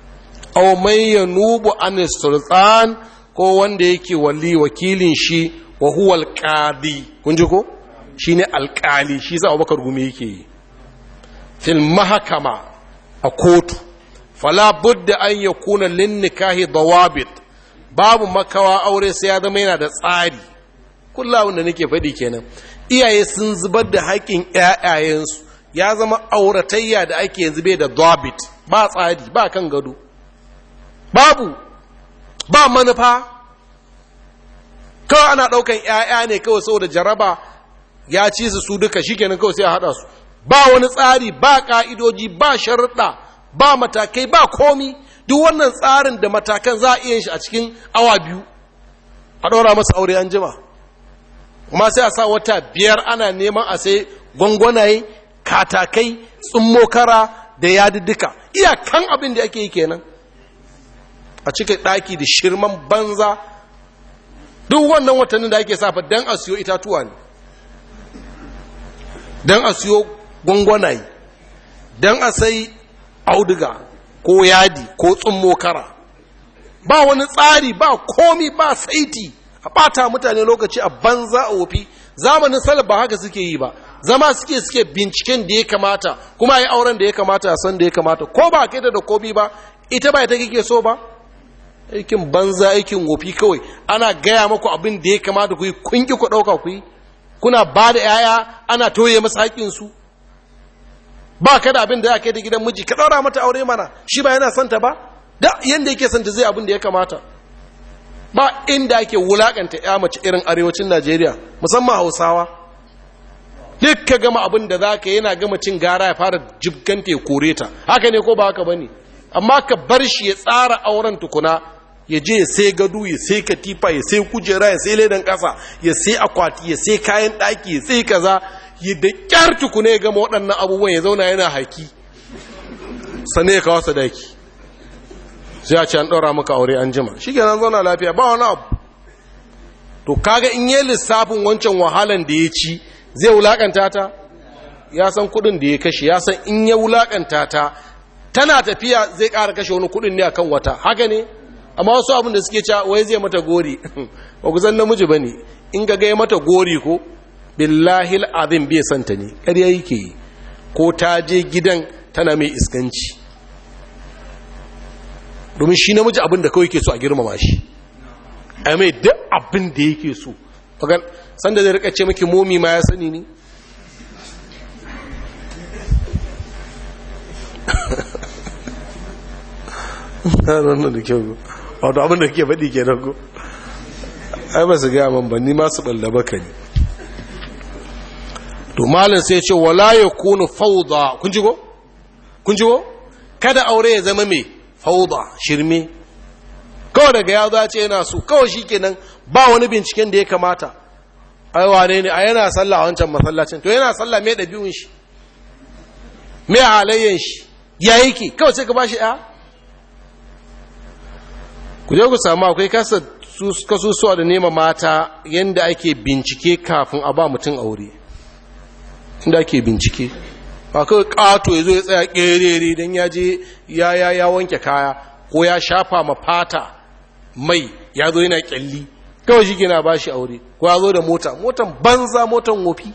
Speaker 1: aw man yanubu an sultan ko wanda yake wali wakilin shi wa huwa alqadi kun ji ko shine alqali shi sa Abubakar gumi yake yi fil mahakama a kotu fala budda an yakuna lin nikahi dawabit babu makawa aure sai ya zama yana da tsari kullawun da nake faɗi kenan iyaye sun zubar da haƙƙin ƴaƴayensu ya zama auratayya da ake yanzu bai da dawabit ba tsari ba kan gado babu ba manufa kawai ana ɗaukan ‘ya'ya ne kawai saboda jaraba ya ci su su duka shi kenan kawai sai a haɗa su ba wani tsari ba ƙa'idoji ba sharuɗa ba matakai ba komi duk wannan tsarin da matakan za a iya shi a cikin awa biyu a ɗora masa aure an jima kuma sai a sa wata biyar ana neman a sai gwangwanaye katakai tsummokara da yadiddika iyakan abin da ake yi kenan a cika daki da shirman banza duk wannan watannin da ake safa don a siyo itatuwa ne don a siyo gwangwanaye don a sai auduga ko yadi ko tsummokara kara ba wani tsari ba komi ba saiti a bata mutane lokaci a banza a wofi zamanin salaf ba haka suke yi ba zama suke suke binciken da ya kamata kuma yi auren da ya kamata a san da ya kamata ko ba a da komi ba ita ba ita kike so ba aikin banza aikin wofi kawai ana gaya maku abin da ya kamata ku yi kun ku ɗauka ku yi kuna ba da ‘ya'ya ana toye masu haƙinsu ba ka da abin da ya kai da gidan miji ka ɗaura mata aure mana shi ba yana santa ba da yadda yake santa zai abin da ya kamata ba inda ake wulaƙanta ‘ya mace irin arewacin najeriya musamman hausawa duk ka gama abin da za ka yana gama cin gara ya fara jibganta ya kore ta haka ne ko ba haka ba ne amma ka bar shi ya tsara auren tukuna ya je ya sai gado ya sai katifa ya sai kujera ya sai ledan ƙasa ya sai akwati ya sai kayan ɗaki ya sai kaza ya da ƙyar tukuna ya gama waɗannan abubuwan ya zauna yana haki sannan ya kawo sadaki sai a ce an ɗaura maka aure an jima shi kenan zauna lafiya ba wani abu to kaga in yi lissafin wancan wahalan da ya ci zai wulaƙanta ta ya san kuɗin da ya kashe ya san in ya wulaƙanta ta tana tafiya zai ƙara kashe wani kuɗin ne akan wata haka ne amma wasu abin da suke cewa wai zai mata gori ba ku san namiji bane in ga gai mata gori ko billahi alazim bai santa ne ƙarya yake yi ko ta je gidan tana mai iskanci domin shi namiji abin da kawai ke so a girmama shi a mai duk abin da yake so sanda zai rika ce maki momi ma ya sani ne na ranar da kyau wato abin da kake faɗi kenan ko ai ba su gaya man ba ni ma su ka ne to malin sai ce wala ya kunu kun ji ko kun ko kada aure ya zama mai fauda shirme kawai daga ya zace yana so kawai kenan ba wani binciken da ya kamata ai wane ne a yana sallah a wancan masallacin to yana sallah mai ɗabi'un shi me halayyan shi ya yake kawai sai ka bashi shi ɗaya ku je ku samu akwai kasusuwa da nema mata yadda ake bincike kafin a ba mutum aure inda ake bincike ba kawai kato ya zo ya tsaya ƙerere don ya je ya ya ya wanke kaya ko ya shafa ma fata mai ya zo yana ƙyalli kawai shi gina ba shi aure ko ya zo da mota motan banza motan wofi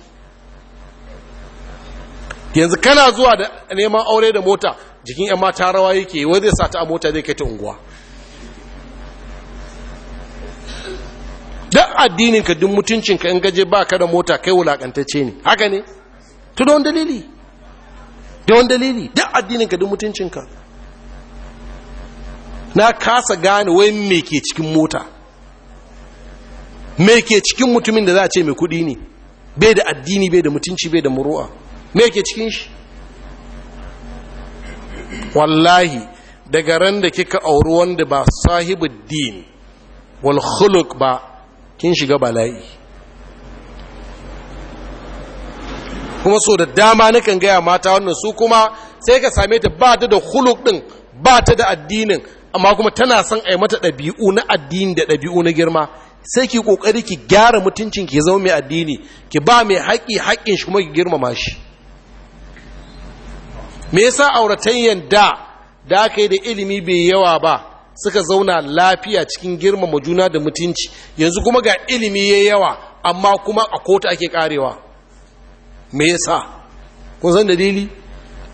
Speaker 1: yanzu kana zuwa da neman aure da mota jikin yan mata rawa yake wai zai sa ta a mota zai kai ta unguwa duk addinin ka duk mutuncin ka in gaje ba ka da mota kai wulakantacce ne haka ne to don dalili don dalili duk addinin ka duk mutuncin ka na kasa gane wai me ke cikin mota me ke cikin mutumin da za a ce mai kudi ne bai da addini bai da mutunci bai da muru'a me ke cikin shi wallahi daga ran da kika auri wanda ba sahibu din wal khuluk ba kin shiga bala'i kuma so da dama nakan gaya mata wannan su kuma sai ka same ta ba ta da huluk ɗin ba ta da addinin amma kuma tana son a yi mata ɗabi'u na addini da ɗabi'u na girma sai ki ƙoƙari ki gyara mutuncin ki zama mai addini ki ba mai haƙi haƙin shi kuma ki girmama shi me yasa auratayyan da da aka yi da ilimi bai yawa ba suka zauna lafiya cikin girmama juna da mutunci yanzu kuma ga ilimi ya yawa amma kuma a kota ake karewa me yasa kun san dalili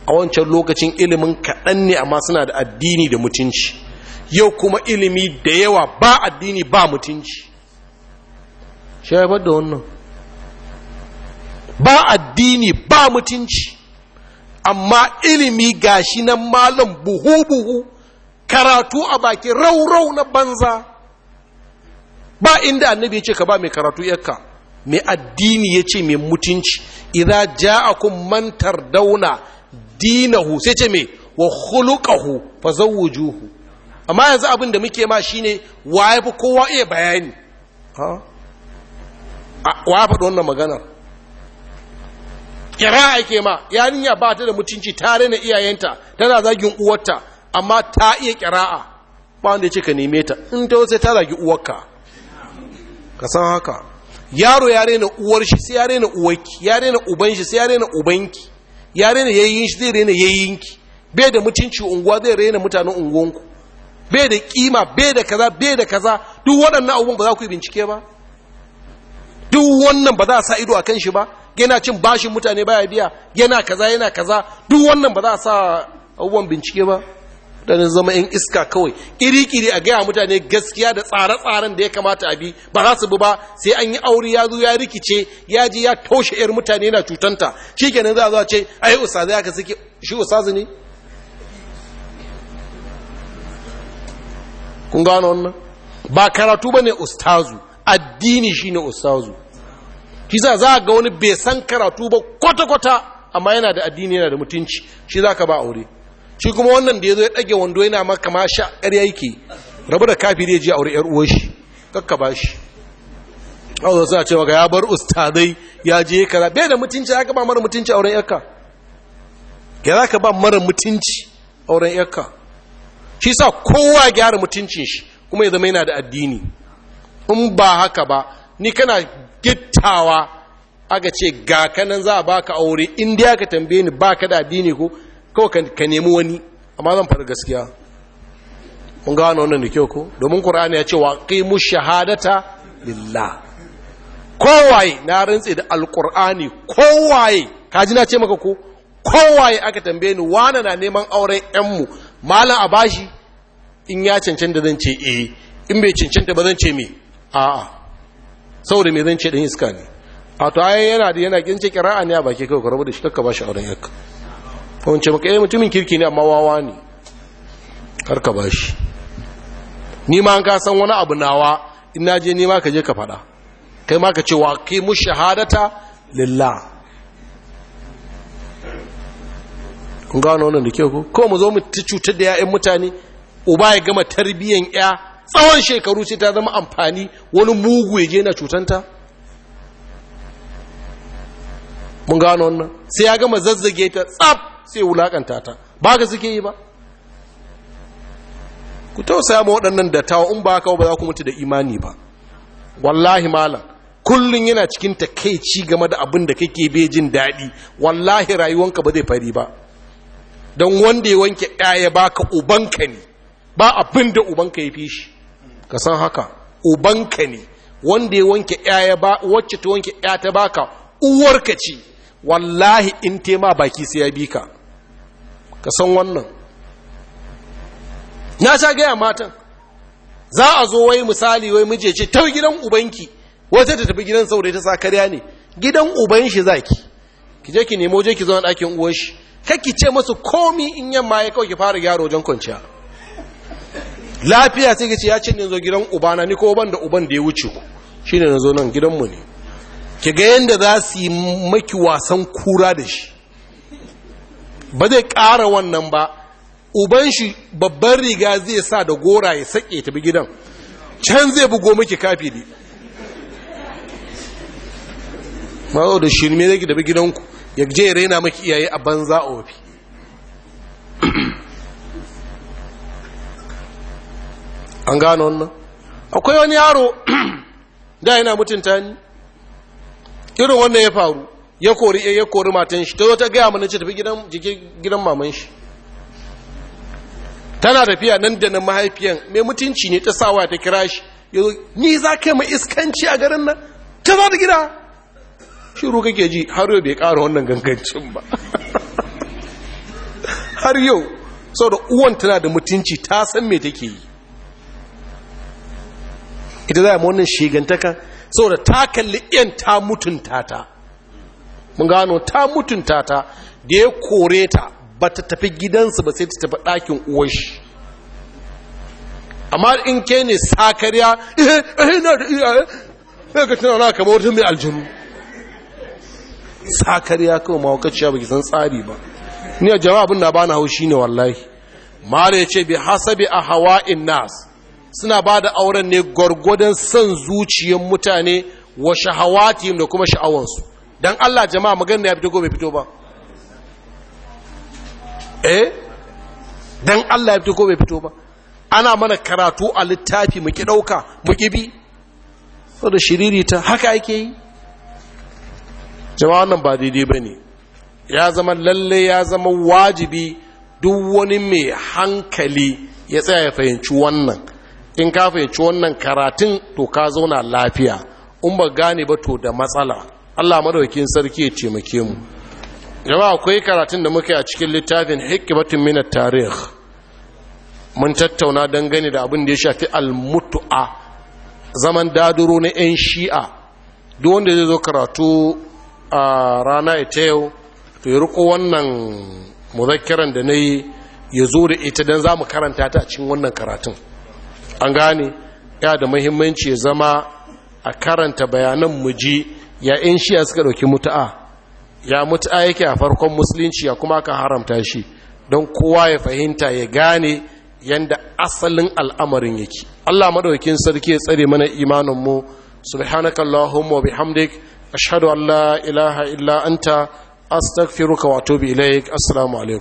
Speaker 1: a wancan lokacin ilimin kaɗan ne amma suna da addini da mutunci yau kuma ilimi da yawa ba addini ba mutunci da wannan ba addini ba mutunci amma ilimi gashi nan malam buhu-buhu karatu a baki raurau na banza ba inda annabi ya ce ka ba mai karatu yakka mai addini ya ce mai mutunci a kun mantar dauna dinahu sai ce mai wa khuluquhu juhu. amma yanzu abin da muke ma shine waye fi kowa iya bayani ha wa faɗi wannan maganar kira ake ma yarinya ba ta da mutunci tare na iyayenta tana zagin uwarta amma ta iya kira'a ba wanda ya ce ka neme ta in ta wasu ta zagi uwarka ka san haka yaro ya rena uwar shi sai ya rena uwarki ya rena uban shi sai ya rena ubanki ya rena yayin shi zai rena yayinki bai da mutunci unguwa zai rena mutanen unguwanku bai da kima bai da kaza bai da kaza duk waɗannan abubuwan ba za ku yi bincike ba duk wannan ba za a sa ido a kan shi ba yana cin bashin mutane baya biya yana kaza yana kaza duk wannan ba za a sa abubuwan bincike ba nan zama yan iska kawai iri kiri a gaya mutane gaskiya da tsare-tsaren da ya kamata a bi ba za su bi ba sai an yi aure ya zo ya rikice ya je ya toshe yar mutane na cutanta shikenan za a zo ce ai ya aka suke shi ustazi ne kun gano wannan ba karatu bane ustazu addini shine ustazu kisa za ga wani bai san karatu ba kwata-kwata amma yana da addini yana da mutunci shi za ka ba aure shi kuma wannan da ya zo ya ɗage wando yana maka ma sha ƙarya yake rabu da kafin ya a aure yar uwar shi kakka ba shi Allah a ce waga ya bar ustadai ya je kara bai da mutunci ya ba mara mutunci auren yarka ya za ka ba mara mutunci auren yarka shi sa kowa gyara mutuncin shi kuma ya zama yana da addini in ba haka ba ni kana gittawa aka ce ga kanan za a baka aure in dai aka tambaye ni baka da addini ko kawai ka nemi wani amma zan fara gaskiya mun gano wannan da kyau ko domin qur'ani ya ce wa mu shahadata lillah kowaye na rantse da kowai. kowaye kaji na ce maka ko kowaye aka tambaye ni wana na neman auren yan mu malam a bashi in ya da zan ce eh in bai cancanta ba zan ce me a'a saboda me zan ce dan iska ne a to ai yana da yana ce ƙira'a ne a baki kai ka rabu da shi kakka bashi auren yakka wance maka yi eh, mutumin kirki ne amma wawa ne karka ba shi ni ma an ka san wani abu nawa ina je ni ma ka je ka faɗa kai ma ka ce wa ke mu shahadata lillah kun gano wannan da ke ku ko mu zo mu ta cutar da 'ya'yan mutane uba ya gama tarbiyyan 'ya tsawon shekaru sai ta zama amfani wani mugu ya je na cutanta mun gano wannan sai ya gama zazzage ta tsaf sai wulakanta ta ba ga suke yi ba ku tausaya ma waɗannan dattawa in ba haka ba za ku mutu da imani ba wallahi malam kullum yana cikin ci game da abin da kake bai daɗi wallahi rayuwanka ba zai fari ba don wanda ya wanke ɗaya baka ubanka ne ba abin da ubanka ya fi shi ka san haka ubanka ne wanda ya wanke ɗaya ba wacce ta wanke ɗaya ta baka uwarka ce wallahi in tema baki sai ya bi ka ka san wannan na sha gaya matan za a zo wai misali wai mije ce ta gidan ubanki wata ta tafi gidan saurayi ta sa karya ne gidan uban shi za ki Ki je ki nemo je ki zo ɗakin uwan shi ki ce masu komi in yamma ya kawai ki fara gyara wajen kwanciya lafiya sai ki ya ce ne zo gidan ubana ni ko ban da uban da ya wuce ku shine na zo nan gidanmu ne ki ga yadda za su yi maki wasan kura da shi ba zai ƙara wannan ba uban shi babban riga zai sa da gora ya sake bi gidan can zai bugo miki ma zo da shi ne zai bi gidanku ya je raina maki iyaye a banza a wafi an gano wannan akwai wani yaro da yana mutunta ni irin wannan ya faru ya kori ya ya kori matan shi ta zo ta gaya mana ce tafi gidan gidan maman shi tana tafiya nan da nan mahaifiyan mai mutunci ne ta sawa ta kira shi ni za ka yi mai iskanci a garin nan ta za da gida shiru kake ji har yau bai ƙara wannan gangancin ba har yau sau da uwan tana da mutunci ta san me take yi ita za a yi wannan shigantaka sau da ta kalli yan ta mutunta ta mun gano ta mutunta ta da ya kore ta ba ta tafi gidansu ba sai ta tafi ɗakin shi. amma in ke ne sakariya eh, eh, ihe na da iyaye sai eh, ka tunana kamar wata mai aljanu sakariya kawai mawakaciya ba ki san tsari ba ni a jama'a abin na ba na haushi ne wallahi Mara ya ce bi hasabi a hawa in nas suna ba da auren ne gwargwadon son zuciyar mutane wa shahawatim da kuma sha'awansu don allah jama'a magana ya fito ko bai fito ba eh don allah ya fito ko bai fito ba ana mana karatu a littafi muke ɗauka muke bi da shiriri ta haka ake yi jama'a nan ba daidai ba ne ya zama lalle ya zama wajibi duk wani mai hankali ya tsaya ya fahimci wannan in ka fahimci wannan karatun to ka zauna lafiya in ba gane ba to da matsala Allah madaukakin sarki ya taimake mu jama'a akwai karatun da muka yi a cikin littafin hikmatun min at-tarikh mun tattauna dangane da abin da ya shafi al-mutu'a zaman daduro na yan shi'a duk wanda zai zo karatu a rana ita yau to ya riko wannan muzakkaran da nayi ya zo da ita dan zamu karanta ta a cikin wannan karatun an gane ya da muhimmanci ya zama a karanta bayanan muji ya in shiya suka ɗauki mutu'a ya mutu'a yake a farkon musulunci ya kuma aka haramta shi don kowa ya fahimta ya gane yanda asalin al'amarin yake Allah maɗaukin sarki ya tsare mana imaninmu su allahumma bihamdik ashhadu an la ilaha illa anta astaghfiruka wa atubu ilaik assalamu alaikum